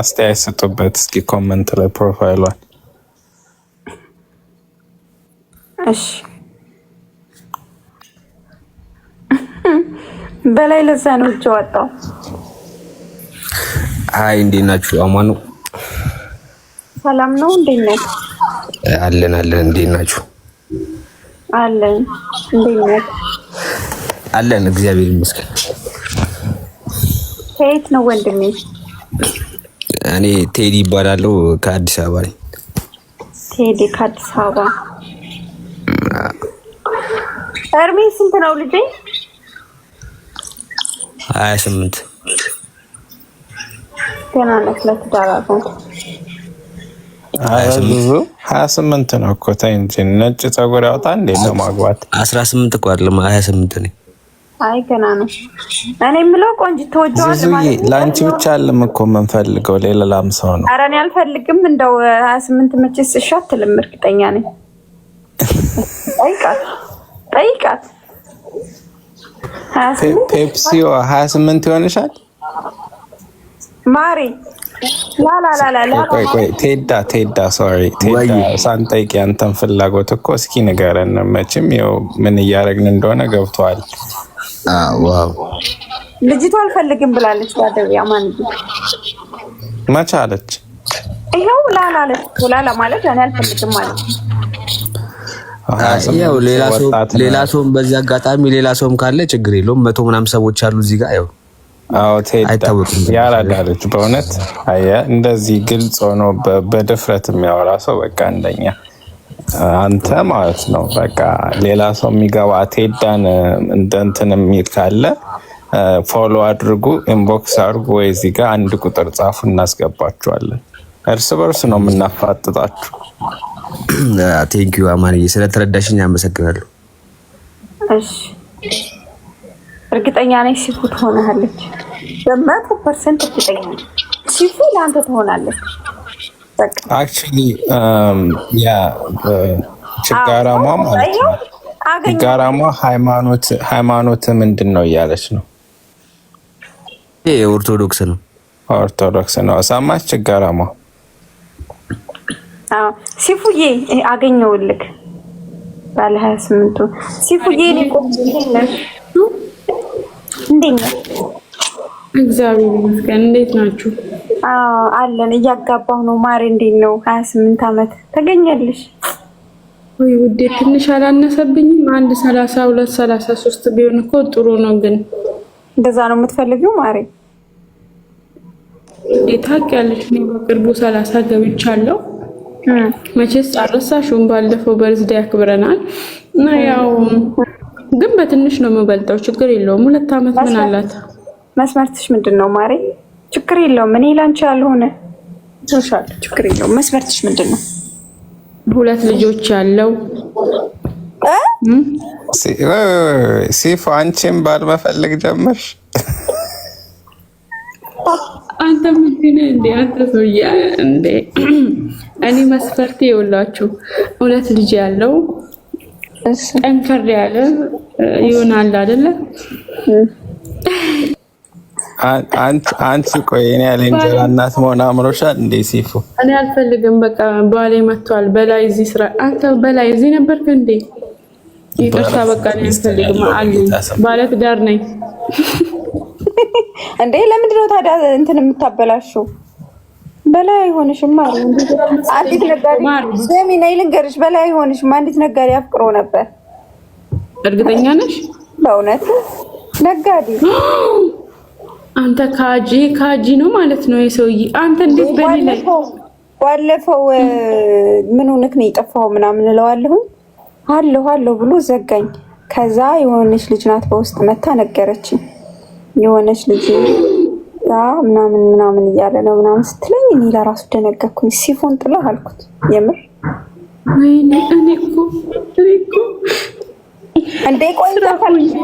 አስተያየት ስጡበት እስኪ ኮመንት ላይ ፕሮፋይሏን። እሺ በላይ ለዛ ነው እጅ ወጣው። አይ እንዴት ናችሁ? አማኑ ሰላም ነው። እንዴት ናችሁ? አለን አለን። እንዴት ናችሁ? አለን። እንዴት ናችሁ? አለን። እግዚአብሔር ይመስገን። ከየት ነው ወንድሜ? እኔ ቴዲ ይባላለሁ ከአዲስ አበባ ነኝ። ቴዲ ከአዲስ አበባ። እርሜ ስንት ነው ልጄ? ሀያ ስምንት ገና ነህ ለትዳር ሀያ ስምንት ነው እኮ ተይ እንጂ ነጭ ፀጉር ያውጣ እንዴ ነው ማግባት? አስራ ስምንት እኮ አይደለም ሀያ ስምንት ነኝ አይ ገና ነው። እኔ የምለው ቆንጆ ለአንቺ ብቻ አለም እኮ የምንፈልገው ሌላም ሰው ነው። ኧረ እኔ አልፈልግም። እንደው ሀያ ስምንት መቼስ እሺ አትልም፣ እርግጠኛ ነኝ። ጠይቃት ጠይቃት። ፔፕሲ ሀያ ስምንት ይሆንሻል ማሪ ቴዳ ቴዳ ሶሪ ቴዳ ሳንጠይቅ ያንተን ፍላጎት እኮ እስኪ ንገረን። መቼም ምን እያደረግን እንደሆነ ገብቷል። ልጅቷ አልፈልግም ብላለች። ባደቢያ ማን መቼ አለች? ይኸው ላላ አለች። ላላ ማለት እኔ አልፈልግም ማለት ነው። ያው ሌላ ሰውም በዚህ አጋጣሚ ሌላ ሰውም ካለ ችግር የለውም። መቶ ምናምን ሰዎች አሉ እዚህ ጋር ያው አዎ አይታወቅም። ያራዳለች በእውነት አየህ፣ እንደዚህ ግልጽ ሆኖ በድፍረት የሚያወራ ሰው በቃ እንደኛ አንተ ማለት ነው። በቃ ሌላ ሰው የሚገባ ቴዳን እንደንትን የሚል ካለ ፎሎ አድርጉ፣ ኢንቦክስ አድርጉ፣ ወይ እዚህ ጋር አንድ ቁጥር ጻፉ፣ እናስገባችኋለን። እርስ በርስ ነው የምናፋጥጣችሁ። ቴንኪዩ አማንዬ፣ ስለተረዳሽኝ አመሰግናለሁ። እርግጠኛ ነኝ ሲፉ ትሆናለች። በመቶ ፐርሰንት እርግጠኛ ነኝ ሲፉ ለአንተ ትሆናለች። ችጋራማ um, uh, ማለት ነው። ችጋራማ ሃይማኖት ምንድን ነው እያለች ነው። ኦርቶዶክስ ነው። ኦርቶዶክስ ነው። ሰማች ችጋራማ ሲፉዬ አገኘውልክ ባለ ሀያ ስምንቱ ሲፉዬ እንዴት ነው? እግዚአብሔር ይመስገን። እንዴት ናችሁ? አለን እያጋባሁ ነው። ማሬ እንዴት ነው? ሀያ ስምንት አመት ተገኛለሽ ወይ ውዴ? ትንሽ አላነሰብኝም? አንድ ሰላሳ ሁለት ሰላሳ ሶስት ቢሆን እኮ ጥሩ ነው። ግን እንደዛ ነው የምትፈልጊው ማሬ? እንዴት ታውቂያለሽ? እኔ በቅርቡ ሰላሳ ገብቻለሁ። መቼስ አልረሳሽውም፣ ባለፈው በርዝዴ አክብረናል እና ያው ግን በትንሽ ነው የምበልጠው። ችግር የለውም። ሁለት አመት ምን አላት? መስመርትሽ ምንድን ነው ማሬ? ችግር የለውም። እኔ ላንቺ ያልሆነ ሶሻል ችግር የለውም። መስፈርትሽ ምንድን ነው? ሁለት ልጆች ያለው ሲፎ። አንቺም ባል መፈለግ ጀመርሽ? አንተ ምንድን እንዴ? አንተ ሰውዬ እንዴ! እኔ መስፈርት የውላችሁ ሁለት ልጅ ያለው ጠንከር ያለ ይሆናል አይደለ? አንቺ ቆይ እኔ ያለ እንጀራ እናት መሆን አምሮሻል እንዴ? ሲፉ እኔ አልፈልግም። በቃ ባሌ መጥቷል። በላይ እዚህ ስራ አንተ በላይ እዚህ ነበርክ እንዴ? ይቅርታ፣ በቃ እኔ አልፈልግም አሉ። ባለ ትዳር ነኝ እንዴ? ለምንድነው ታዲያ እንትን የምታበላሽው? በላይ አይሆንሽም። ማር አንዲት ነጋዴ ስሚ፣ ነይ ልንገርሽ። በላይ አይሆንሽም። አንዲት ነጋዴ አፍቅሮ ነበር። እርግጠኛ ነሽ? በእውነት ነጋዴ አንተ ካጂ ካጂ ነው ማለት ነው የሰውዬ። አንተ እንዴት በኔ ላይ ባለፈው ምን ሆነክ ነው የጠፋው ምናምን እለዋለሁ አለሁ አለሁ ብሎ ዘጋኝ። ከዛ የሆነች ልጅ ናት በውስጥ መታ ነገረችኝ። የሆነች ልጅ ያ ምናምን ምናምን እያለ ነው ምናምን ስትለኝ እኔ ለራሱ ደነገኩኝ። ሲፎን ጥላ አልኩት። የምር ወይኔ እንዴ ቆይ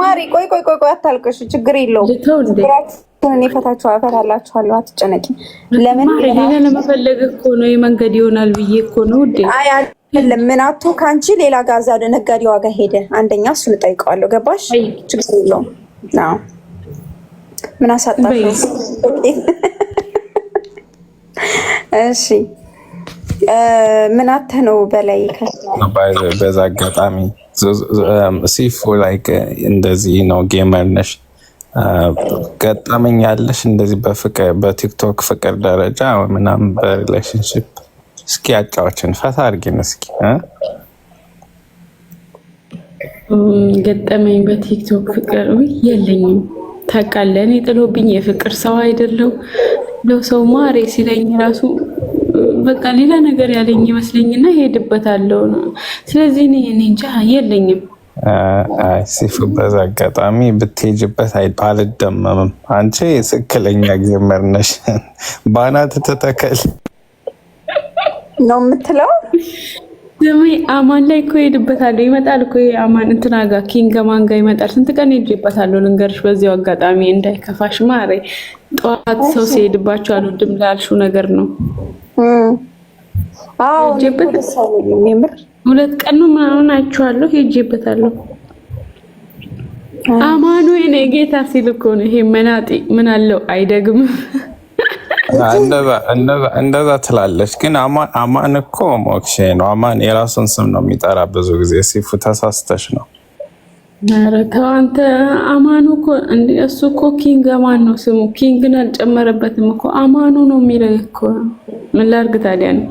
ማሪ ቆይ ቆይ ቆይ አታልቅሽ፣ ችግር የለውም እሱን እኔ ፈታችሁ እፈታላችኋለሁ። አትጨነቂ። ለምን ሌላ ለመፈለግ እኮ ነው የመንገድ ይሆናል ብዬ እኮ ነው ውዴ። አይ አይደለም፣ ምን አቶ ከአንቺ ሌላ ጋዛ ነጋዴ ዋጋ ሄደ። አንደኛ እሱን እጠይቀዋለሁ። ገባሽ? ችግር የለውም። ምን አሳጣሽ? እሺ ምን አተ ነው በላይ በዛ አጋጣሚ ሲፎ ላይክ እንደዚህ ነው ጌመር ነሽ ገጠመኝ ያለሽ እንደዚህ በፍቅር በቲክቶክ ፍቅር ደረጃ ምናምን በሪሌሽንሽፕ እስኪ አጫዎችን ፈታ አድርጊን እስኪ ገጠመኝ በቲክቶክ ፍቅር የለኝም ታውቃለህ እኔ ጥሎብኝ የፍቅር ሰው አይደለው ለው ሰው ማሬ ሲለኝ ራሱ በቃ ሌላ ነገር ያለኝ ይመስለኝና ሄድበታለሁ ስለዚህ እኔ እንጃ የለኝም በዛ አጋጣሚ ብትሄጅበት አልደመምም። አንቺ ትክክለኛ ጊዜመር ነሽ። ባናት ተተከል ነው የምትለው ስሜ አማን ላይ እኮ ሄድበታለሁ። ይመጣል እኮ አማን እንትና ጋ ኪንግ ማን ጋ ይመጣል። ስንት ቀን ሄድበታለሁ ልንገርሽ። በዚያው አጋጣሚ እንዳይከፋሽ ማሬ። ጠዋት ሰው ሲሄድባቸው አልወድም ላልሽው ነገር ነው ሁለት ቀኑ ምናምን አይቼዋለሁ፣ ሄጄበታለሁ። አማኑ የኔ ጌታ ሲል እኮ ነው። ይሄ መናጢ ምን አለው አይደግም እንደዛ ትላለች፣ ግን አማን እኮ ሞክሼ ነው። አማን የራሱን ስም ነው የሚጠራ ብዙ ጊዜ። ሲፉ ተሳስተሽ ነው። ኧረ ተው አንተ። አማኑ እኮ እሱ እኮ ኪንግ አማን ነው ስሙ። ኪንግን አልጨመረበትም እኮ አማኑ ነው የሚለው እኮ። ምን ላድርግ ታዲያ ነው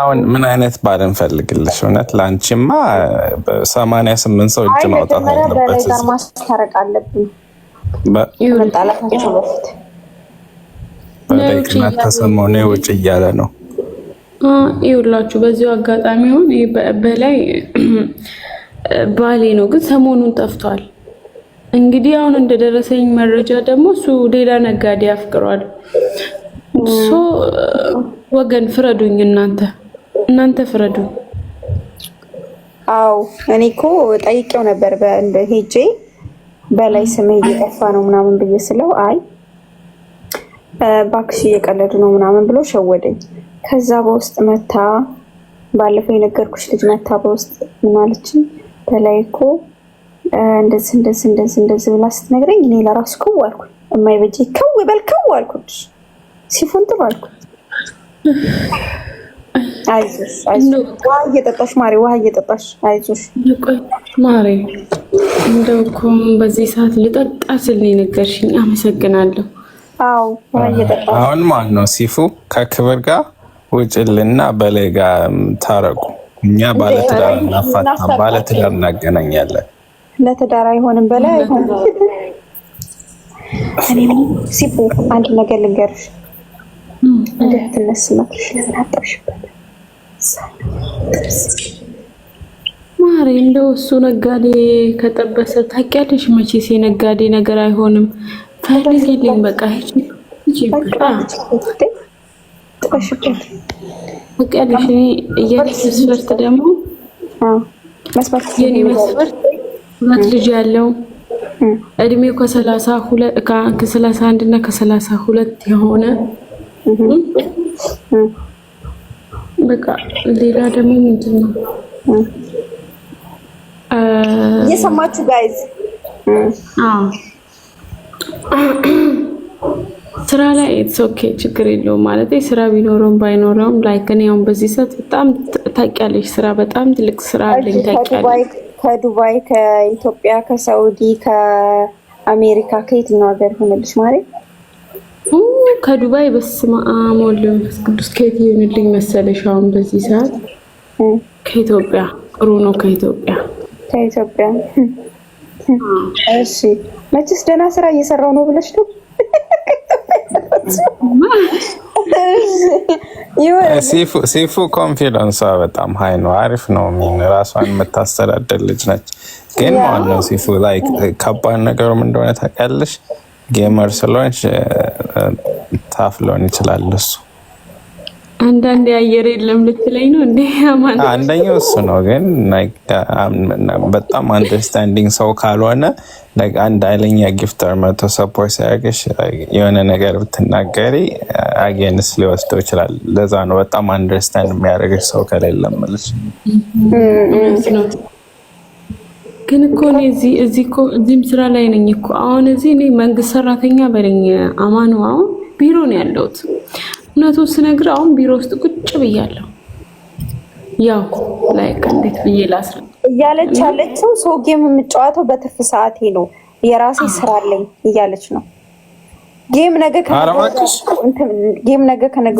አሁን ምን አይነት ባል እንፈልግልሽ? እውነት ለአንቺማ ሰማንያ ስምንት ሰው እጅ ማውጣት አለበት። ማስታረቅ አለብን መጣላታቸው ተሰማው ነው ውጭ እያለ ነው ይውላችሁ። በዚሁ አጋጣሚ ሆን በላይ ባሌ ነው፣ ግን ሰሞኑን ጠፍቷል። እንግዲህ አሁን እንደደረሰኝ መረጃ ደግሞ እሱ ሌላ ነጋዴ አፍቅሯል። ወገን ፍረዱኝ። እናንተ እናንተ ፍረዱ። አው እኔ እኮ ጠይቄው ነበር ሄጄ በላይ ስሜ እየጠፋ ነው ምናምን ብዬ ስለው አይ ባክሽ እየቀለዱ ነው ምናምን ብሎ ሸወደኝ። ከዛ በውስጥ መታ ባለፈው የነገርኩሽ ልጅ መታ በውስጥ ምን በላይ እኮ እንደዚህ እንደዚህ እንደዚህ እንደዚህ ብላ ስትነግረኝ እኔ ለራሱ ከው አልኩኝ። የማይበጀ ከው በል ከው አልኩኝ። ሲፎን ጥሩ አልኩኝ። ማሬ፣ ውሃ እንደው እኮ በዚህ ሰዓት ልጠጣ ስል ነው የነገርሽኝ። አመሰግናለሁ። አሁን ማለት ነው። ሲፉ ከክብር ጋር ውጭልና በላይ ጋር ታረቁ። እኛ ባለትዳር እናፋታ፣ ባለትዳር እናገናኛለን። ለትዳር አይሆንም በላይ አይሆንም። ሲፉ አንድ ነገር ልንገርሽ እንደ እህትነት ስመክርሽ ለምን አጠብሽበት? ማሬ እንደው እሱ ነጋዴ ከጠበሰ ታውቂያለሽ፣ መቼስ የነጋዴ ነገር አይሆንም። ፈልግልኝ በቃ ታውቂያለሽ። እኔ የኔ መስፈርት ደግሞ የኔ መስፈርት ሁለት ልጅ ያለው እድሜው ከሰላሳ ሁለት ከሰላሳ አንድ እና ከሰላሳ ሁለት የሆነ በቃ ሌላ ደግሞ ምንድን ነው እየሰማችሁ ጋይዝ? ስራ ላይ ኢትስ ኦኬ ችግር የለውም ማለት ስራ ቢኖረውም ባይኖረውም ላይክ እኔ አሁን በዚህ ሰዓት በጣም ታውቂያለሽ፣ ስራ በጣም ትልቅ ስራ አለኝ ታውቂያለሽ። ከዱባይ፣ ከኢትዮጵያ፣ ከሳውዲ፣ ከአሜሪካ ከየትኛው ሀገር ሆነልሽ ማለት ከዱባይ በስመ አብ ወወልድ ወመንፈስ ቅዱስ። ከየት ይሆንልኝ መሰለሽ? አሁን በዚህ ሰዓት ከኢትዮጵያ ጥሩ ነው። ከኢትዮጵያ ከኢትዮጵያ እሺ። መቼስ ደህና ስራ እየሰራው ነው ብለሽ ነው ሲፉ ኮንፊደንሷ በጣም ሀይ ነው። አሪፍ ነው። ሚን ራሷን የምታስተዳደር ልጅ ነች። ግን ማለት ሲፉ ላይ ከባድ ነገሩም እንደሆነ ታውቂያለሽ። ጌመር ስለሆንሽ ታፍ ሊሆን ይችላል እሱ አንዳንድ አየር የለም ልትለኝ ነው እንዴ? አንደኛው እሱ ነው። ግን በጣም አንደርስታንዲንግ ሰው ካልሆነ አንድ አይለኛ ጊፍተር መቶ ሰፖርት ሲያደርግሽ የሆነ ነገር ብትናገሪ አጌንስ ሊወስደው ይችላል። ለዛ ነው በጣም አንደርስታንድ የሚያደርግሽ ሰው ከሌለ ነው። ግን እኮ እኔ እዚህ እዚህ እኮ እዚህም ስራ ላይ ነኝ እኮ አሁን እዚህ እኔ መንግስት ሰራተኛ በለኝ አማኑ፣ አሁን ቢሮ ነው ያለሁት። እውነቱ ስነግር አሁን ቢሮ ውስጥ ቁጭ ብያለሁ። ያው ላይክ እንዴት ብዬ ላስረ እያለች ያለችው ሰው ጌም የምጫወተው በትርፍ ሰዓቴ ነው የራሴ ስራ አለኝ እያለች ነው። ጌም ነገ ጌም ነገ ከነገ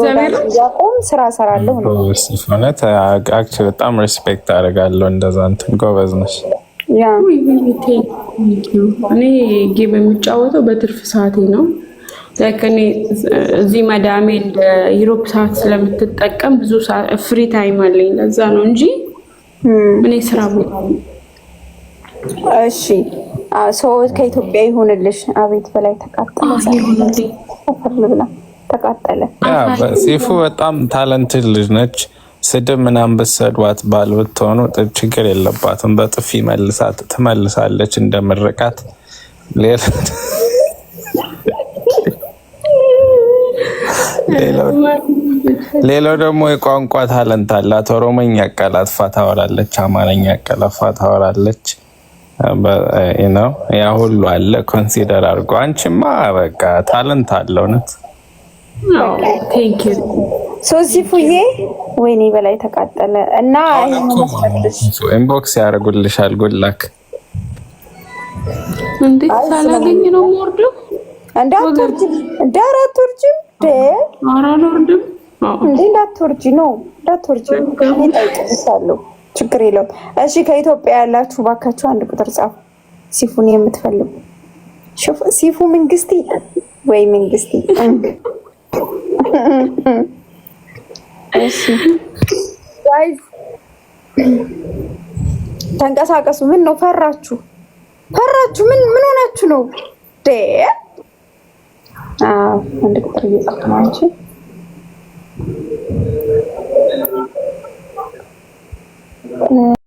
እያቆም ስራ ሰራለሁ ነው። በጣም ሪስፔክት አደርጋለሁ። እንደዛ እንትን ጎበዝ ነች። እኔ ጌም የሚጫወተው በትርፍ ሰዓቴ ነው። እኔ እዚህ መዳሜ እንደ ዩሮፕ ሰዓት ስለምትጠቀም ብዙ ፍሪ ታይም አለኝ። ለዛ ነው እንጂ እኔ ስራ ቦታ እሺ፣ ሰው ከኢትዮጵያ ይሆንልሽ። አቤት በላይ ተቃጠለ፣ ተቃጠለ። ሲፉ በጣም ታለንትድ ልጅ ነች። ስድብ ምናምን ብትሰድዋት ባል ብትሆኑ ችግር የለባትም። በጥፊ መልሳት ትመልሳለች እንደምርቃት። ሌላው ደግሞ የቋንቋ ታለንት አላት። ኦሮሞኛ ቀላጥፋ ታወራለች፣ አማርኛ ቀላጥፋ ታወራለች። ያ ሁሉ አለ ኮንሲደር አድርጎ አንቺማ በቃ ታለንት አለው ሶሲ ፉዬ ወይኔ በላይ ተቃጠለ እና ኢንቦክስ ያደርጉልሻል። እንዴት ሳላገኝ ነው እንዳትወርጂም እንዳትወርጂም እንዴ እንዳትወርጂ ነው እንዳትወርጂ ችግር የለውም። እሺ ከኢትዮጵያ ያላችሁ ባካችሁ አንድ ቁጥር ጻፉ። ሲፉን የምትፈልጉ ሲፉ መንግስቲ ወይ መንግስቲ ተንቀሳቀሱ። ምን ነው ፈራችሁ? ፈራችሁ? ምን ምን ሆናችሁ ነው? ደ አንድ ቁጥር እየጻፍኩ ነው